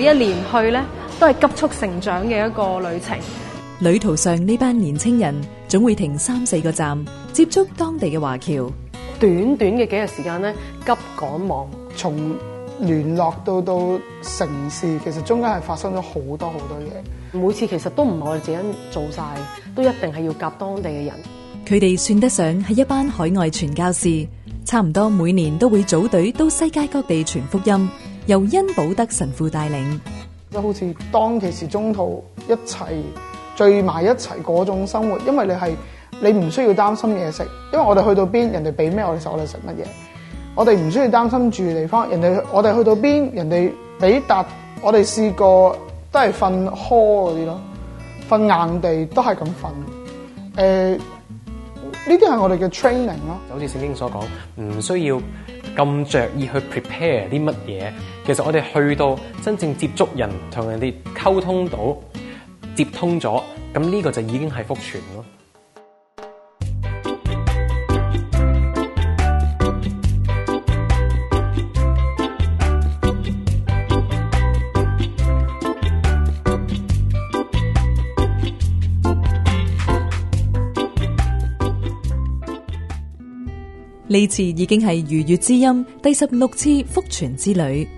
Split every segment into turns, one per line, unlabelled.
一年去咧，都係急速成長嘅一個旅程。旅途上呢班年青人總會停三四個站，接觸當地嘅華僑。
短短嘅幾日時間咧，急趕忙從聯絡到到城市，其實中間係發生咗好多好多嘢。每次其實都唔係我哋自己做晒，都一定係要夾當地嘅人。
佢哋算得上係一班海外傳教士，差唔多每年都會組隊到世界各地傳福音。由恩
保德神父帶領，就好似當其時中途一齊聚埋一齊嗰種生活，因為你係你唔需要擔心嘢食，因為我哋去到邊，人哋俾咩我哋食，我哋食乜嘢，我哋唔需要擔心住地方，人哋我哋去到邊，人哋俾笪，我哋試過，試過都係瞓舖嗰啲咯，瞓硬地都係咁瞓。誒、呃，呢啲係我哋嘅 training 咯，就
好似聖經所講，唔需要咁着意去 prepare 啲乜嘢。其實我哋去到真正接觸人，同人哋溝通到、接通咗，咁、這、呢個就已經係福傳咯。
呢次已經係愉悅之音第十六次福傳之旅。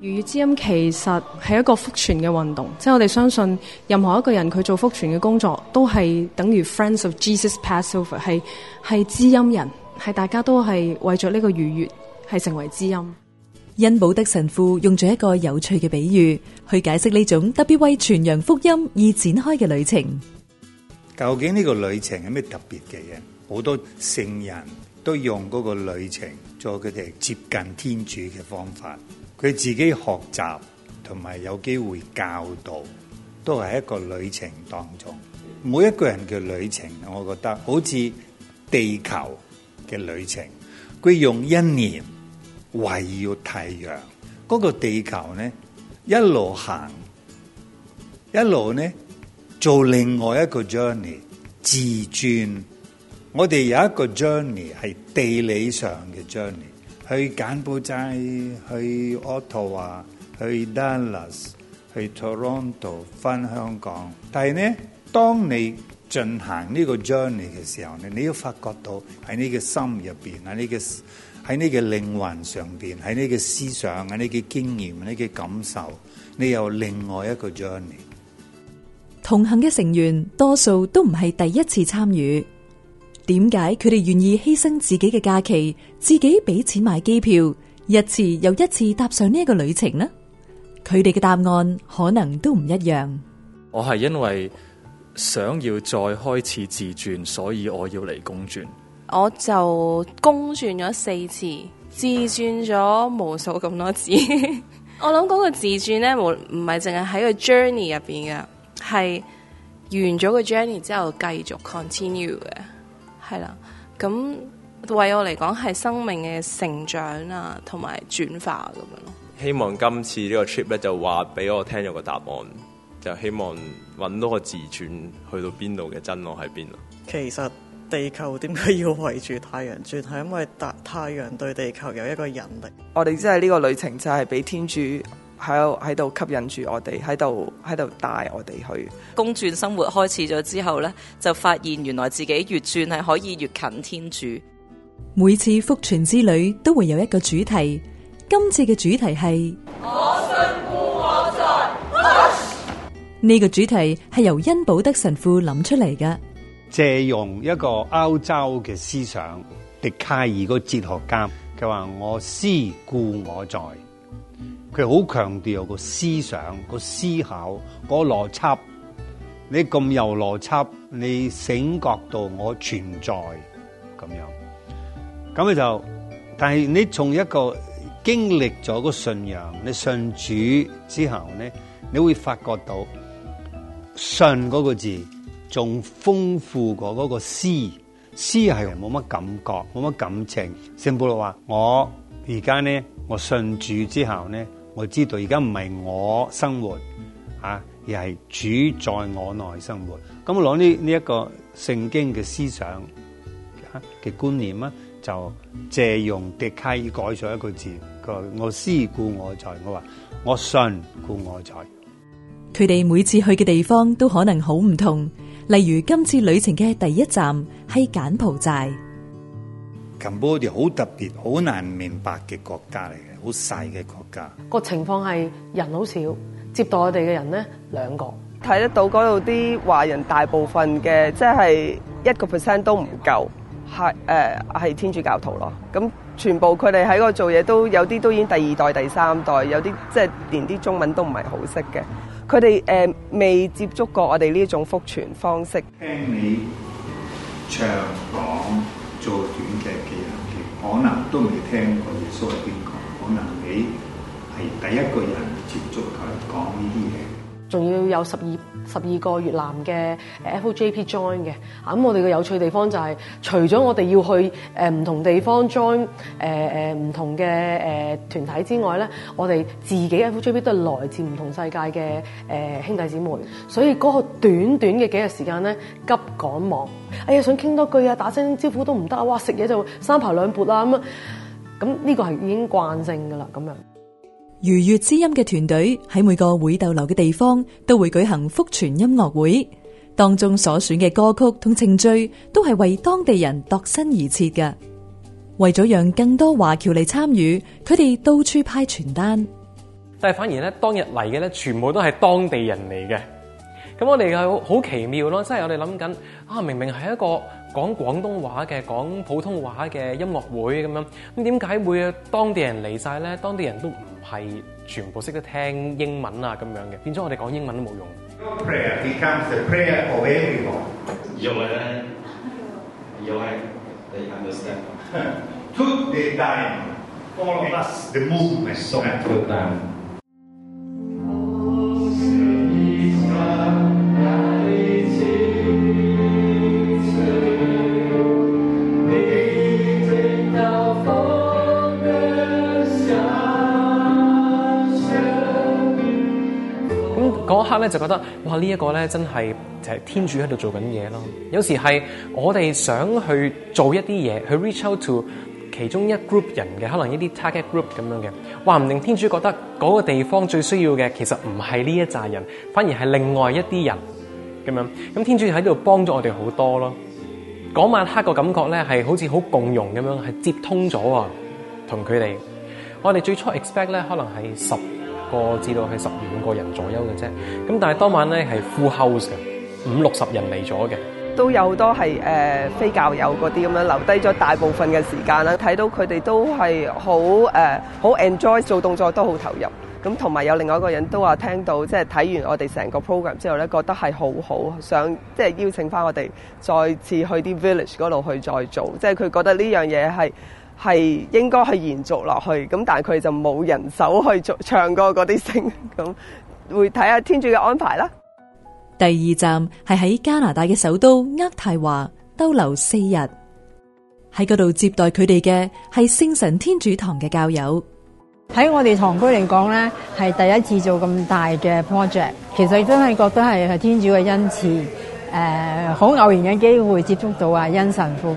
逾越之音其實係一個復傳嘅運動，即係我哋相信任何一個人佢做復傳嘅工作，都係等於 Friends of Jesus Passover，係係知音人，係大家都係為咗呢個逾越係成為知音。恩保德神父用咗一個有趣嘅比喻去解釋呢種特別為傳揚福音而展開嘅旅程。
究竟呢個旅程有咩特別嘅嘢？好多聖人都用嗰個旅程做佢哋接近天主嘅方法。佢自己學習同埋有機會教導，都係一個旅程當中。每一個人嘅旅程，我覺得好似地球嘅旅程，佢用一年圍繞太陽。嗰個地球呢一路行，一路呢做另外一個 journey 自轉。我哋有一個 journey 係地理上嘅 journey。去柬埔寨，去渥太華，去 Dallas，去 Toronto，翻香港。但係呢，當你進行呢個 journey 嘅時候呢，你要發覺到喺你嘅心入邊，喺你嘅喺你嘅靈魂上邊，喺你嘅思想啊，你嘅經驗、你嘅感受，你有另外一個 journey。同行
嘅成員多數都唔係第一次參與。點解佢哋願意犧牲自己嘅假期，自己俾錢買機票，一次又一次搭上呢個旅程呢？佢哋嘅答案可能都唔一樣。
我係因為想要再開始自轉，所以我要嚟公轉。
我就公轉咗四次，自轉咗無數咁多次。
我諗嗰個自轉咧，唔係淨係喺個 journey 入邊嘅，係完咗個 journey 之後繼續 continue 嘅。係啦，咁為我嚟講係生命嘅成長啊，同埋轉化咁樣咯。
希望今次呢個 trip 咧，就話俾我聽有個答案，就希望揾到個自轉去到邊度嘅真我喺邊咯。
其實地球點解要圍住太陽轉，係因為太太陽對地球有一個引力。我哋即係呢個旅程，就係俾天主，喺喺度吸引住我哋，喺度喺度帶我哋去公轉
生活開始咗之後咧，就發現原來自己越轉係可以越近天主。每次福傳之旅都會有一個主題，今次嘅主題係我信故我在。呢、啊、個主題係由恩保德神父諗出嚟噶，
借用一個歐洲嘅思想，笛卡爾個哲學家，佢話我思故我在。佢好強調個思想、個思考、個邏輯。你咁有邏輯，你醒覺到我存在咁樣。咁你就，但係你從一個經歷咗個信仰，你信主之後咧，你會發覺到信嗰個字仲豐富過嗰個思。思係冇乜感覺，冇乜感情。聖保羅話：我而家咧，我信主之後咧。我知道而家唔係我生活，啊，而係主在我內生活。咁我攞呢呢一個聖經嘅思想嘅、啊、觀念啊，就借用笛卡爾改咗一個字，佢話我思故我在，我話我信故我在。
佢哋每次去嘅地方都可能好唔同，例如今次旅程嘅第一站係柬埔寨。
柬埔寨好特別，好難明白嘅國家嚟。好細嘅國家，
個情況係人好少，接待我哋嘅人咧
兩個，
睇得到嗰度啲華人大部分嘅，即係一個 percent 都唔夠，係誒係天主教徒咯。咁全部佢哋喺嗰度做嘢，都有啲都已經第二代、第三代，有啲即係連啲中文都唔係好識嘅，佢哋誒未接觸過我哋呢種福傳方式，
聽你唱講做短劇嘅人，可能都未聽過耶穌喺邊。能你係第一個人接觸佢講呢啲
嘢，仲要有十二十二個越南嘅 FJP join 嘅啊！咁我哋嘅有趣地方就係，除咗我哋要去誒唔同地方 join 誒誒唔同嘅誒團體之外咧，我哋自己 FJP 都係來自唔同世界嘅誒兄弟姊妹，所以嗰個短短嘅幾日時間咧，急趕忙，哎呀，想傾多句啊，打聲招呼都唔得啊！哇，食嘢就三排兩撥啊咁啊！咁呢個係已經慣性噶啦，咁樣。
如月之音嘅團隊喺每個會逗留嘅地方都會舉行福傳音樂會，當中所選嘅歌曲同程序都係為當地人度身而設嘅。為咗讓更多華僑嚟參與，佢哋到處派傳單。
但係反而咧，當日嚟嘅咧，全部都係當地人嚟嘅。咁我哋係好奇妙咯，即係我哋諗緊啊，明明係一個。講廣東話嘅、講普通話嘅音樂會咁樣，咁點解會當地人嚟晒咧？當地人都唔係全部識得聽英文啊咁樣嘅，變咗我哋講英文都冇用。就覺得哇，這個、呢一個咧真係就係天主喺度做緊嘢咯。有時係我哋想去做一啲嘢，去 reach out to 其中一 group 人嘅，可能一啲 target group 咁樣嘅，話唔定天主覺得嗰個地方最需要嘅，其實唔係呢一紮人，反而係另外一啲人咁樣。咁、嗯、天主喺度幫咗我哋好多咯。嗰晚黑個感覺咧，係好似好共融咁樣，係接通咗啊，同佢哋。我哋最初 expect 咧，可能係十。個至到係十五個人左右嘅啫，咁但係當晚咧係 full house 嘅，五六十人嚟咗嘅，
都有好多係誒、呃、非教友嗰啲咁樣留低咗大部分嘅時間啦，睇到佢哋都係好誒好、呃、enjoy 做動作都好投入，咁同埋有另外一個人都話聽到即係睇完我哋成個 program 之後咧，覺得係好好，想即係、就是、邀請翻我哋再次去啲 village 嗰度去再做，即係佢覺得呢樣嘢係。係應該係延續落去，咁但係佢就冇人手去做唱歌嗰啲聲，咁會睇下天主嘅安排啦。
第二站係喺加拿大嘅首都渥太華逗留四日，喺嗰度接待佢哋嘅係聖神天主堂嘅教友。喺我哋堂區嚟講咧，係第一次做咁大嘅 project，其實真係覺得係係天主嘅恩賜，誒、呃，好偶然嘅機會接觸到啊，恩神父。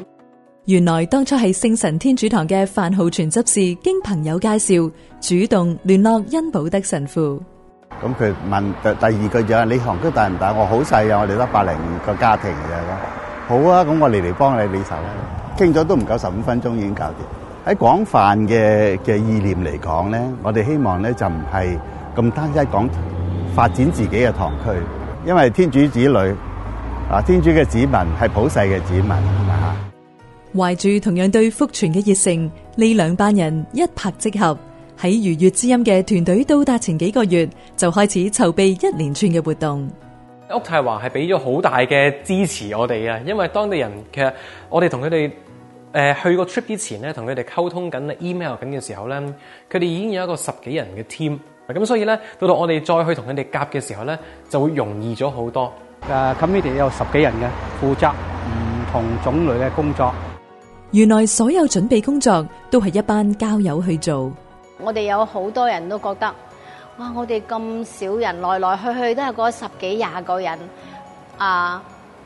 原來當初係聖神天主堂嘅范浩全執事，經朋友介紹主動聯絡恩保德神父。
咁佢問第二句就係：你堂區大唔大？我好細啊，我哋得百零個家庭就咁。好啊，咁我嚟嚟幫你你手啦。傾咗都唔夠十五分鐘，已經搞掂。喺廣泛嘅嘅意念嚟講咧，我哋希望咧就唔係咁單一講發展自己嘅堂區，因為天主子女啊，天主嘅子民係普世嘅子民啊。
懷住同樣對福傳嘅熱誠，呢兩班人一拍即合，喺愉悦之音嘅團隊到達前幾個月就開始籌備一連串嘅活動。
渥太華係俾咗好大嘅支持我哋啊！因為當地人其實我哋同佢哋誒去個 trip 之前咧，同佢哋溝通緊、email 緊嘅時候咧，佢哋已經有一個十幾人嘅 team。咁所以咧，到到我哋再去同佢哋夾嘅時候咧，就會容易咗好多。誒
committee 有十幾人嘅，負責唔同種類嘅工作。
原來所
有準備工作都係一班交
友去做。
我哋有好多人都覺得，哇！我哋咁少人來來去去都係嗰十幾廿個人，啊！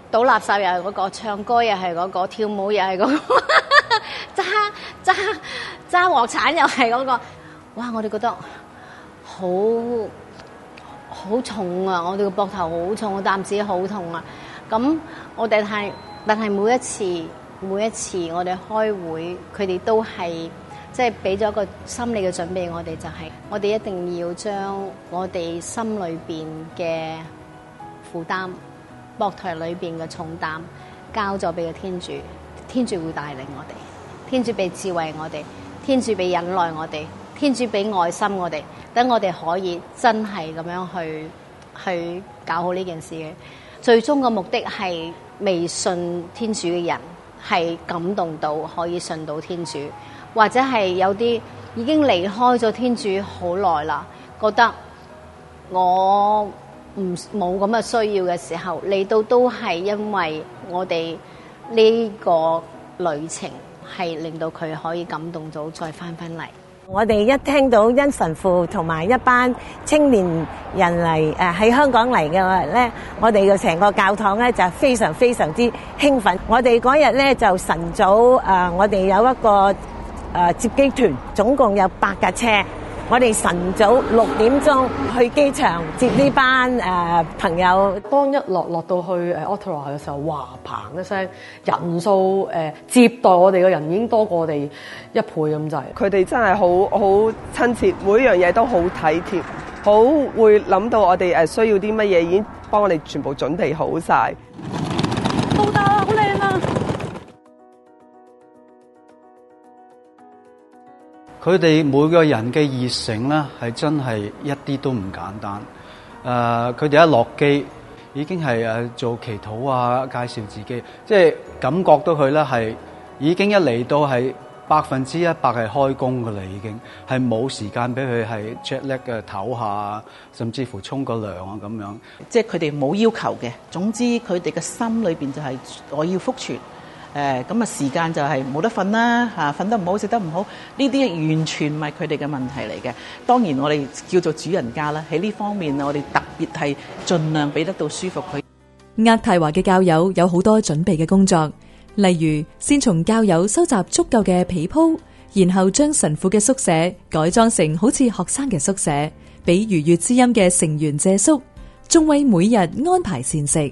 倒垃圾又係嗰個，唱歌又係嗰個，跳舞又係嗰個，揸揸揸鑊鏟又係嗰個。哇！我哋覺得好好重啊！我哋個膊頭好重，我擔子好痛啊！咁我哋係但係每一次。每一次我哋開會，佢哋都係即係俾咗個心理嘅準備我哋，就係，我哋就係我哋一定要將我哋心裏邊嘅負擔、膊頭裏邊嘅重擔交咗俾個天主，天主會帶領我哋，天主俾智慧我哋，天主俾忍耐我哋，天主俾愛心我哋，等我哋可以真係咁樣去去搞好呢件事嘅。最終嘅目的係未信天主嘅人。係感動到可以信到天主，或者係有啲已經離開咗天主好耐啦，覺得我唔冇咁嘅需要嘅時候嚟,到都係因為我哋呢個旅程係令到佢可以感動到再翻返嚟。我哋一聽到恩神父同埋一班青年人嚟誒，喺香港嚟嘅話咧，我哋嘅成個教堂咧就非常非常之興奮。我哋嗰日咧就晨早誒，我哋有一個誒接機團，總共有八架車。我哋晨早六
點鐘去機場接呢班誒、呃、朋友，當一落落到去誒、呃、Ottawa 嘅時候，哇！嘭一聲，人數誒、呃、接待我哋嘅人已經多
過我哋一倍咁滯，就係。佢哋真係好好親切，每一樣嘢都好體貼，好會諗到我哋誒需要啲乜嘢，已經幫我哋全部準備好晒。
好大。
佢哋每個人嘅熱誠咧，係真係一啲都唔簡單。誒、uh，佢哋一落機已經係誒做祈禱啊，介紹自己，即係感覺到佢咧係已經一嚟到係百分之一百係開工噶啦，已經係冇時間俾佢係 jet lag 嘅唞下，甚至乎沖個涼啊咁樣。即係佢哋冇要求嘅，總之佢哋嘅心裏邊就係我要復全。誒咁啊！時間就係冇得瞓啦，嚇瞓得唔好，食得唔好，呢啲完全唔係佢哋嘅問題嚟嘅。當然我哋叫做主人家啦，喺呢方面我哋特別係盡量俾得到舒服佢。亞
太華嘅教友有好多準備嘅工作，例如先從教友收集足夠嘅被鋪，然後將神父嘅宿舍改裝成好似學生嘅宿舍，俾如月之音嘅成員借宿，仲為每日安排膳食。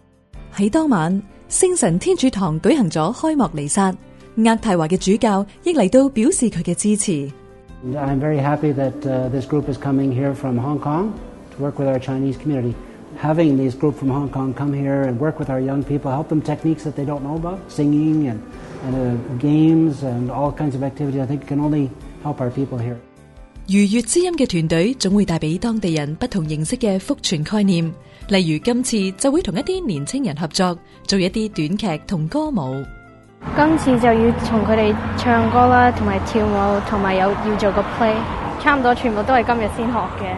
喺當晚，聖神天主堂舉行咗開幕彌撒，渥太華嘅主教亦嚟到表示佢嘅
支持。
愉悅之音嘅團隊總會帶俾當地人不同形式嘅福傳概念，例如今次就會同一啲年輕人合作，做一啲短劇同歌舞。
今次就要同佢哋唱歌啦，同埋跳舞，同埋有要做個 play，差唔多全部都係今日先學嘅。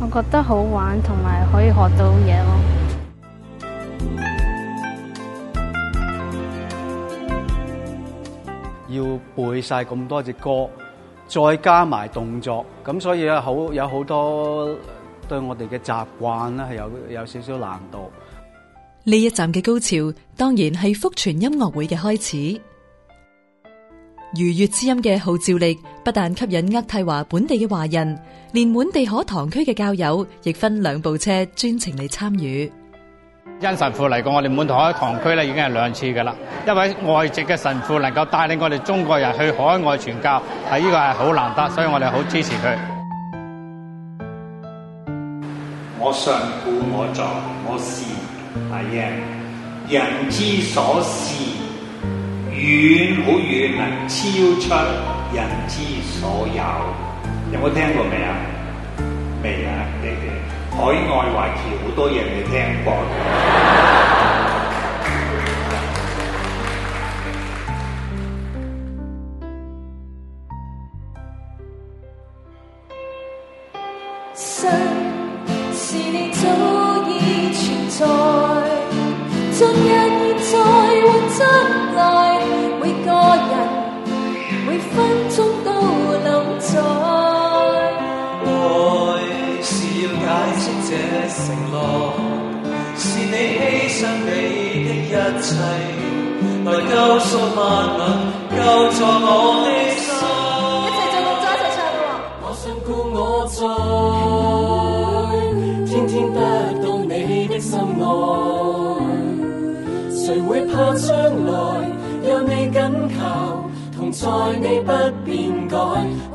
我覺得好玩，同埋可以學到嘢咯。
要背晒咁多隻歌。再加埋動作，咁所以咧，好有好多對我哋嘅習慣係有有少少難度。呢
一站嘅高潮，當然係福傳音樂會嘅開始。如月之音嘅號召力，不但吸引渥太華本地嘅華人，連滿地可塘區嘅教友，亦分兩部車專程嚟參與。
因神父嚟過我哋滿陀海堂區咧，已經係兩次噶啦。一位外籍嘅神父能夠帶領我哋中國人去海外傳教，係、這、呢個係好難得，所以我哋好支持佢。
我上，故我做我事人之所事遠，好遠，能超出人之所有。有冇聽過？未啊？未啊？海外華僑好多嘢未聽過。
一齊，來救贖萬民，
救助我的心。一齊唱，我信故我在，天天得到你的心愛，
誰會怕將來？有你緊靠，同
在你不變改。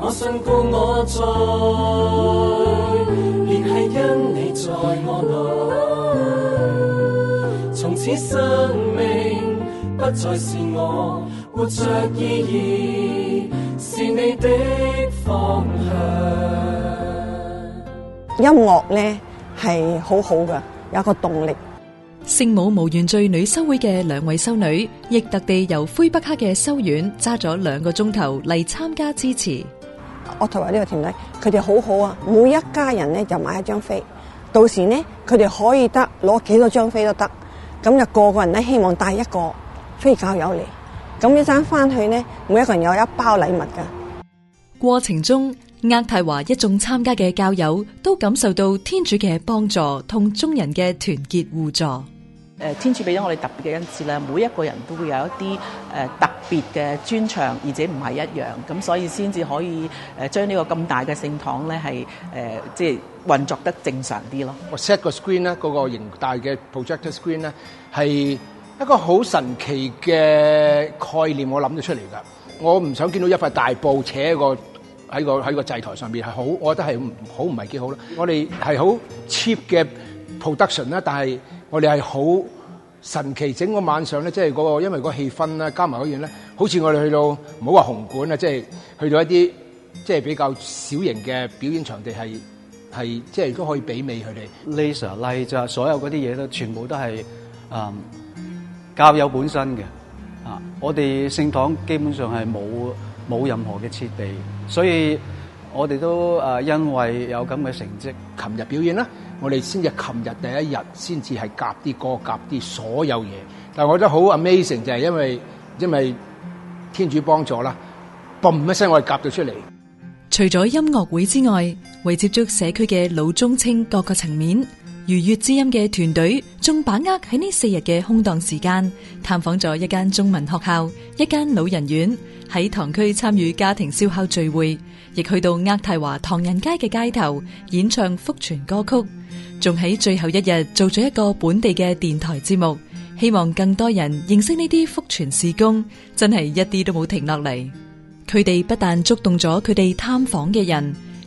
我信故我在，聯繫因你在我內。
從此生命不再是我活着意義，
是你的
方向。音樂呢係好好㗎，有一個動力。聖母無原罪女修會嘅兩位修女，亦特地由魁北克嘅修院揸咗兩個鐘頭嚟參加支持。我同埋呢個團隊，佢哋好好啊！每一家人呢就買一張飛，到時呢，佢哋可以得攞幾多張飛都得。咁就個個人咧希望帶一個非教友嚟，咁一陣翻去咧，每一個人有一包禮物噶。過程中，渥太華一眾參加嘅教友都感受到天主嘅幫助同眾人嘅團結互助。誒，
天主俾咗我哋特別嘅恩賜啦，每一個人都會有一啲誒特別嘅專長，而且唔係一樣，咁所以先至可以誒將呢個咁大嘅聖堂咧係誒即係。運作得正常啲咯。我 set 個 screen 咧，嗰個型大嘅 projector screen 咧，係一個好神奇嘅概念，我諗得出嚟㗎。我唔想見到一塊大布扯喺個喺個喺個祭台上面，係好，我覺得係好唔係幾好咯。我哋係好 cheap 嘅 production 啦，但係我哋係好神奇。整個晚上咧，即係嗰個因為嗰個氣氛啦，加埋嗰樣咧，好似我哋去到唔好話紅館啊，即係去到一啲即係比較小型嘅表演場地係。係即係都可以媲美佢哋 laser、laser，所有嗰啲嘢都全部都係啊、嗯、教友本身嘅啊，我哋聖堂基本上係冇冇任何嘅設備，所以我哋都啊因為有咁嘅成績，琴日表演啦，我哋先至琴日第一日先至係夾啲歌夾啲所有嘢，但係我覺得好 amazing 就係因為因為天主幫助啦，嘣一聲我哋夾咗出嚟。
除咗音樂會之外。為接觸社區嘅老中青各個層面，愉悅之音嘅團隊仲把握喺呢四日嘅空檔時間，探訪咗一間中文學校、一間老人院，喺堂區參與家庭燒烤聚會，亦去到渥太華唐人街嘅街頭演唱福傳歌曲，仲喺最後一日做咗一個本地嘅電台節目。希望更多人認識呢啲福傳事工，真係一啲都冇停落嚟。佢哋不但觸動咗佢哋探訪嘅人。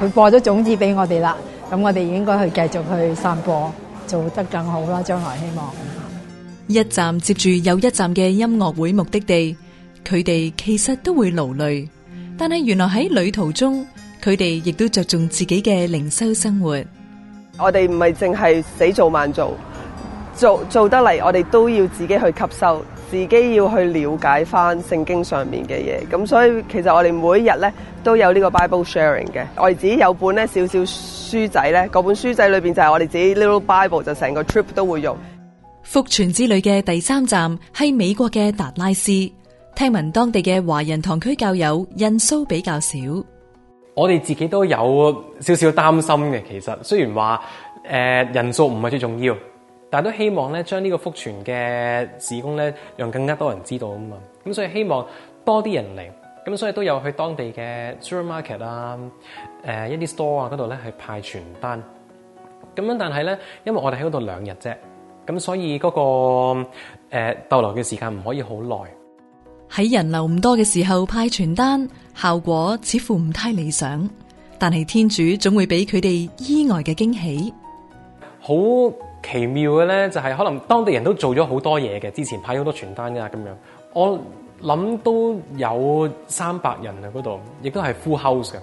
佢播咗種子俾我哋啦，咁我哋應該去繼續去散播，做得更好啦。將來希望一站接住又一站嘅音樂會目的地，佢哋其實都會勞累，但係原來喺旅途中，佢哋亦都着重自己嘅靈修生活。
我哋唔係淨係死做慢做，做做得嚟，我哋都要自己去吸收。自己要去了解翻聖經上面嘅嘢，咁所以其實我哋每一日咧都有呢個 Bible sharing 嘅，我哋自己有本咧少少書仔咧，嗰本書仔裏邊就係我哋自己 little Bible，就成個 trip 都會用。
福傳之旅嘅第三站係美國嘅達拉斯，聽聞當地嘅華人堂區教友人數比較少，
我哋自己都有少少擔心嘅。其實雖然話誒、呃、人數唔係最重要。但係都希望咧，將呢個福傳嘅事工咧，讓更加多人知道啊嘛。咁所以希望多啲人嚟。咁所以都有去當地嘅 supermarket 啊，誒一啲 store 啊嗰度咧去派傳單。咁樣但係咧，因為我哋喺嗰度兩日啫，咁所以嗰個誒逗留嘅時間唔可以好耐。
喺人流唔多嘅時候派傳單，效果似乎唔太理想。但係天主總會俾佢哋意外嘅驚
喜。好。奇妙嘅咧，就係可能當地人都做咗好多嘢嘅，之前派咗好多傳單噶咁樣。我諗都有三百人喺嗰度，亦都係 full house 嘅。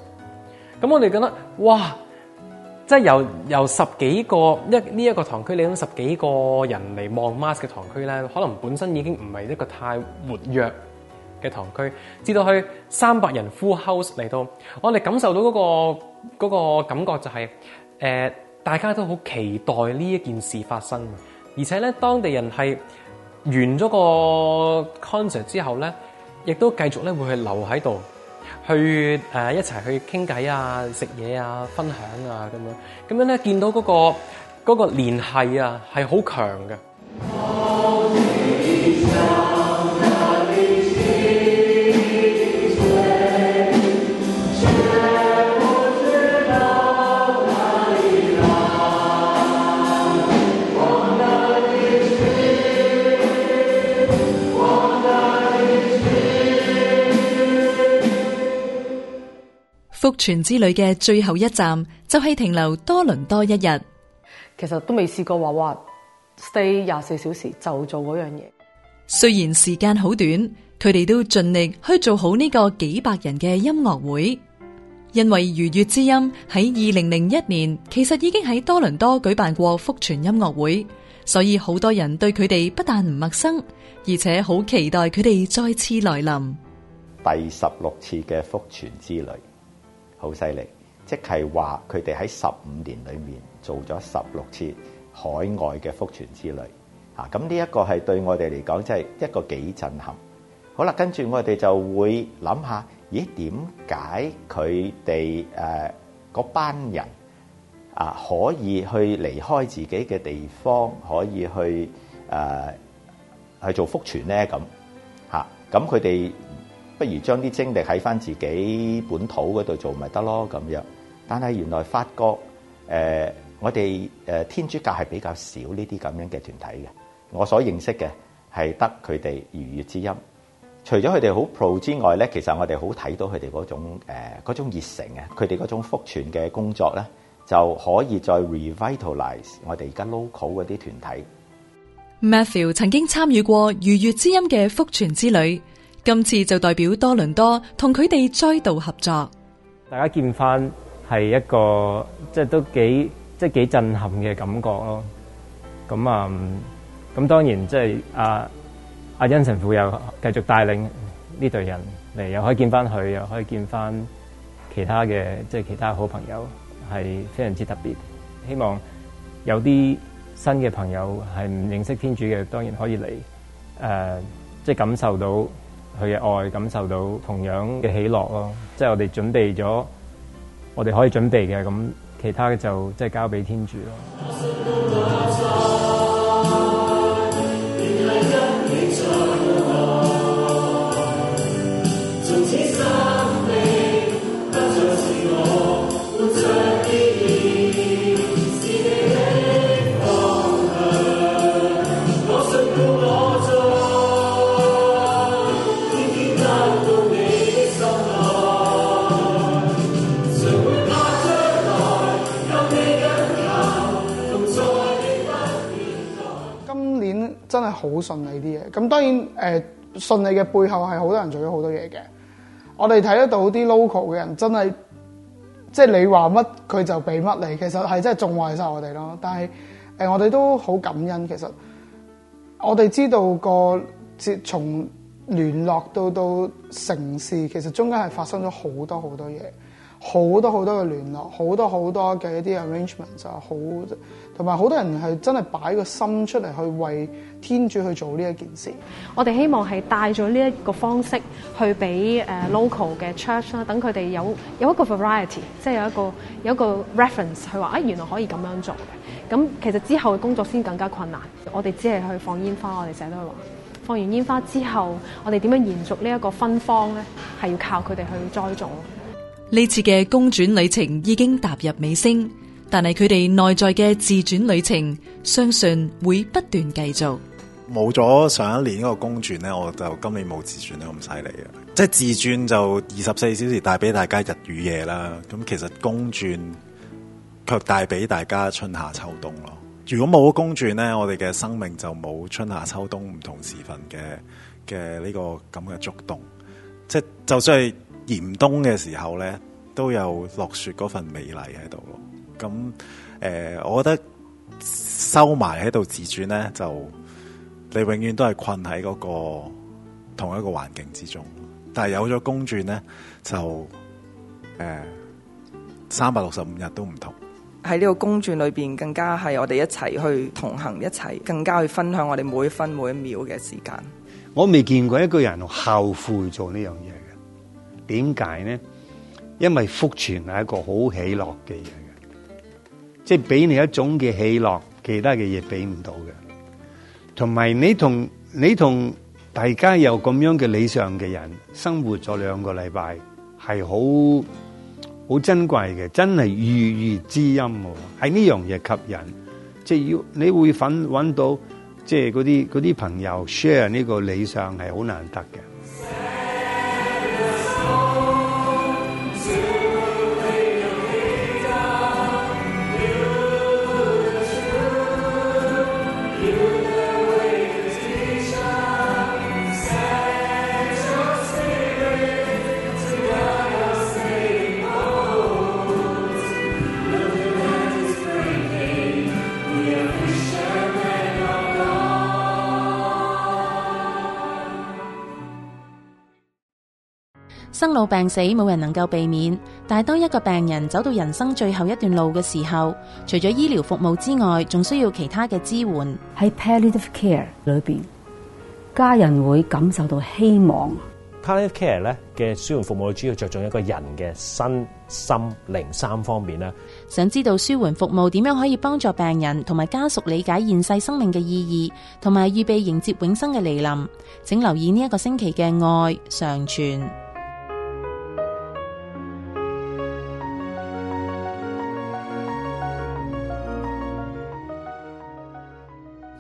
咁我哋覺得哇，即係由由十幾個一呢一個堂區，你諗十幾個人嚟望 mass 嘅堂區咧，可能本身已經唔係一個太活躍嘅堂區，至到去三百人 full house 嚟到，我哋感受到嗰個感覺就係呃大家都好期待呢一件事發生，而且咧當地人係完咗個 concert 之後咧，亦都繼續咧會去留喺度，去、呃、一齊去傾偈啊、食嘢啊、分享啊咁樣，咁樣咧見到嗰個嗰個聯繫啊係好強嘅。
福傳之旅嘅最後一站就係停留多倫多一日。
其實都未試過話哇，stay 廿四小時就做嗰樣嘢。
雖然時間好短，佢哋都盡力去做好呢個幾百人嘅音樂會。因為愉悅之音喺二零零一年其實已經喺多倫多舉辦過福傳音樂會，所以好多人對佢哋不但唔陌生，而且好期待佢哋再次來臨。
第十六次嘅福傳之旅。好犀利，即係話佢哋喺十五年裏面做咗十六次海外嘅复傳之旅，啊，咁呢一個係對我哋嚟講，真係一個幾震撼。好啦，跟住我哋就會諗下，咦，點解佢哋誒嗰班人啊可以去離開自己嘅地方，可以去誒去做复傳咧？咁吓，咁佢哋。不如將啲精力喺翻自己本土嗰度做咪得咯，咁樣。但係原來發覺誒、呃，我哋誒天主教係比較少呢啲咁樣嘅團體嘅。我所認識嘅係得佢哋逾越之音。除咗佢哋好 pro 之外咧，其實我哋好睇到佢哋嗰種誒嗰、呃、種熱誠啊，佢哋嗰種福傳嘅工作咧就可以再 revitalize 我哋而家 local 嗰啲團體。
Matthew 曾經參與過逾越之音嘅福傳之旅。今次就代表多倫多同佢哋再度合作，
大家見翻係一個即係、就是、都幾即係幾震撼嘅感覺咯。咁、嗯、啊，咁當然即係阿阿恩臣神父又繼續帶領呢隊人嚟，又可以見翻佢，又可以見翻其他嘅即係其他好朋友，係非常之特別。希望有啲新嘅朋友係唔認識天主嘅，當然可以嚟，誒，即、呃、係、就是、感受到。佢嘅愛感受到同樣嘅喜樂咯，即係我哋準備咗，我哋可以準備嘅，噉其他嘅就即係交俾天
主咯。嗯
順利啲嘢，咁當然誒，順、呃、利嘅背後係好多人做咗好多嘢嘅。我哋睇得到啲 local 嘅人真係，即係你話乜佢就俾乜你，其實係真係縱壞晒我哋咯。但係誒、呃，我哋都好感恩，其實我哋知道個接從聯絡到到城市，其實中間係發生咗好多好多嘢。好多好多嘅聯絡，好多好多嘅一啲 arrangement 就係好，同埋好多人係真係擺個心出嚟去為天主去做呢一件事。我哋希望係帶咗呢一個方式去俾、uh, local 嘅 church
啦、嗯，等佢哋有有一個 variety，即係有一個有一個 reference 去話啊，原來可以咁樣做嘅。咁其實之後嘅工作先更加困難。我哋只係去放煙花，我哋成日都係話放完煙花之後，我哋點樣延續呢一個芬芳咧？係要靠佢哋去栽種。呢次嘅公轉旅程已經踏入尾聲，但係佢哋內在嘅自轉旅程，相信會不斷繼續。
冇咗上一年嗰個公轉呢，我就今年冇自轉得咁犀利啊！即係自轉就二十四小時帶俾大家日與夜啦。咁其實公轉卻帶俾大家春夏秋冬咯。如果冇咗公轉呢，我哋嘅生命就冇春夏秋冬唔同時份嘅嘅呢個咁嘅觸動。即係就算係。嚴冬嘅時候咧，都有落雪嗰份美麗喺度咯。咁誒、呃，我覺得收埋喺度自轉咧，就你永遠都係困喺嗰、嗰個同一個環境之中。但係有咗公轉咧，就誒三百六十五日都唔同。喺呢個公轉裏
邊，更加係我哋一齊去同行，一齊更加去分享我哋每一分每一秒嘅時
間。我未見過一個人後悔做呢樣嘢。點解呢？因為福傳係一個好喜樂嘅嘢嘅，即係俾你一種嘅喜樂，其他嘅嘢俾唔到嘅。同埋你同你同大家有咁樣嘅理想嘅人生活咗兩個禮拜，係好好珍貴嘅，真係如遇知音喎。係呢樣嘢吸引，即係要你會揾揾到即係嗰啲嗰啲朋友 share 呢個理想係好難得嘅。
生老病死，冇人能夠避免，但係當一個病人走到人生最後一段路嘅時候，除咗醫療服務之外，仲需要其他嘅支援。喺 palliative care
裏邊，家人會感受到希望。
palliative care 咧嘅舒緩服務主要着重一個人嘅身心靈三方面啦。想知道舒緩服務點樣可
以幫助病人同埋家屬理解現世生命嘅意義，同埋預備迎接永生嘅來臨，請留意呢一個星期嘅愛常傳。